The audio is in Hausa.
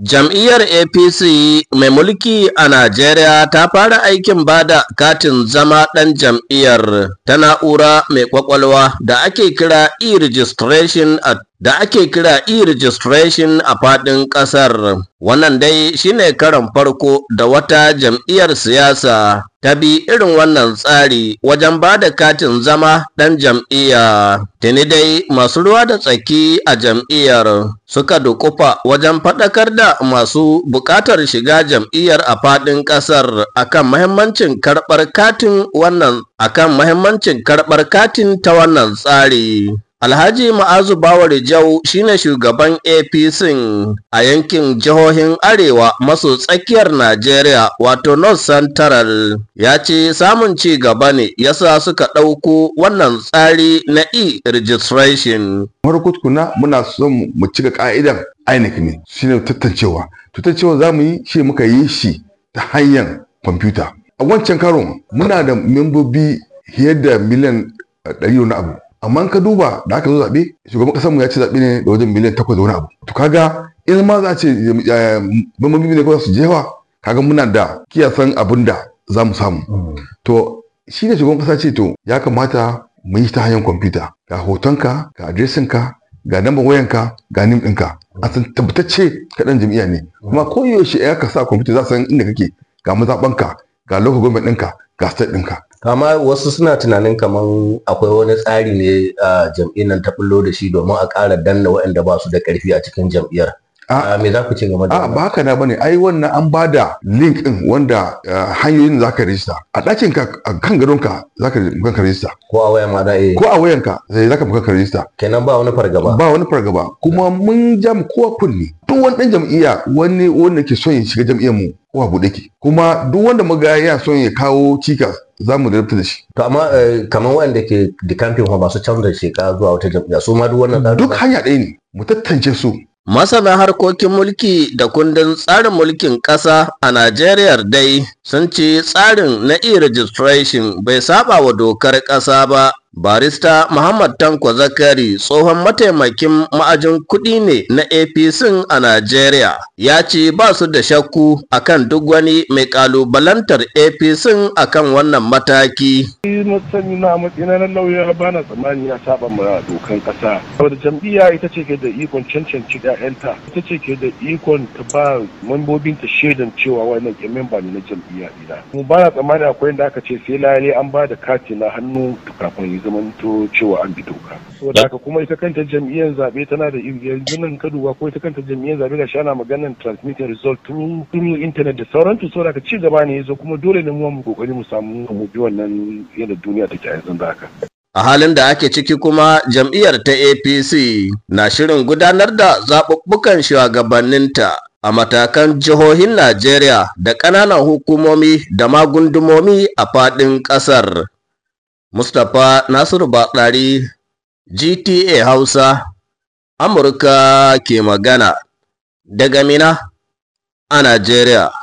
Jam'iyyar APC mai mulki a Najeriya ta fara aikin ba da katin zama ɗan jam'iyyar ta na'ura mai kwakwalwa da ake kira e-registration a da ake kira e-registration a faɗin ƙasar. Wannan dai shine karon farko da wata jam'iyyar siyasa ta bi irin wannan tsari wajen ba da katin zama ɗan jam'iyya. Tuni dai masu ruwa da tsaki a jam'iyyar suka dukufa wajen faɗakar da masu buƙatar shiga jam'iyyar a faɗin ƙasar akan mahimmancin karɓar katin wannan akan mahimmancin karɓar katin ta wannan tsari. Alhaji Ma'azu Bawar Jau shine shugaban APC a yankin jihohin Arewa maso tsakiyar Najeriya wato North Central ya ce samun ci gaba ne yasa suka ɗauko wannan tsari na e-registration. Markutkuna muna son mu cika ka'idar INEC ne shine tattancewa. Tattancewa za mu yi shi muka yi shi ta hanyar kwamfuta. A wancan karon muna da membobi fiye da miliyan ɗari na abu. amma ka duba da aka zo zaɓe shugaban ƙasar mu ya ce zaɓe ne da wajen miliyan takwas da wani abu to kaga in ma za a ce bambamin eh, ne kawai su jewa kaga muna da kiyasan abin da za mu samu to shi ne shugaban ƙasa ce to ya kamata mu yi ta hanyar kwamfuta ga hotonka ga adresinka ga lambar wayanka ga nim ɗinka a san tabbatacce ka ɗan jam'iyya ne kuma ko yaushe ya ka sa kwamfuta za san inda kake ga mazaɓanka ga lokacin government ɗinka ga state ɗinka kama wasu suna tunanin kamar akwai wani tsari ne a jam'iyyar nan ta bullo da shi domin a ƙara danna waɗanda ba su da ƙarfi a cikin jam'iyyar me za ku ce game da ba haka na bane ai wannan an bada link din wanda hanyoyin za ka rijista a ɗakin ka kan gadon ka za ka ka rijista ko a wayan ma da eh ko a wayan ka sai eh, za ka ka rijista kenan ba wani fargaba ba wani fargaba kuma mun jam kowa kunni duk wani dan jam'iyya wani wanda ke son ya shiga jam'iyyar mu a buɗe ki kuma duk wanda muga ya son ya kawo cikas za mu rabta da shi to amma eh, kamar wanda ke da kamfin ba su canza shekara zuwa wata jam'iyya su ma duk wannan duk hanya ɗaya ne mu tattance su Masana harkokin mulki da kundin tsarin mulkin ƙasa a Najeriya dai sun ce tsarin na e-registration bai saba wa dokar ƙasa ba barista muhammad tanko zakari tsohon mataimakin ma'ajin kuɗi ne na apc a najeriya ya ce ba su da shakku akan duk wani mai kalubalantar apc akan wannan mataki sani na matsina na ba na ya saba jam'iyya ita ce ke da ikon cancanci 'ya'yanta ita ce ke da ikon ta ba shaidan cewa wannan ke memba ne na jam'iyya ina mu ba na tsammani akwai inda aka ce sai lale an ba da kati na hannu kafin zamanto cewa an bi doka. Saboda haka kuma ita kanta jam'iyyar zaɓe tana da yanzu nan kaduwa duba ko ita kanta jam'iyyar zaɓe ga shana maganar transmitting result through through internet da sauransu saboda haka ci gaba ne yazo kuma dole ne mu mu kokari mu samu mu bi wannan yadda duniya take a yanzu haka. A halin da ake ciki kuma jam'iyyar ta APC na shirin gudanar da zaɓuɓɓukan shugabanninta a matakan jihohin Najeriya da ƙananan hukumomi da magundumomi a faɗin ƙasar. Mustapha Nasiru Batsari GTA Hausa Amurka ke magana daga Mina a Najeriya.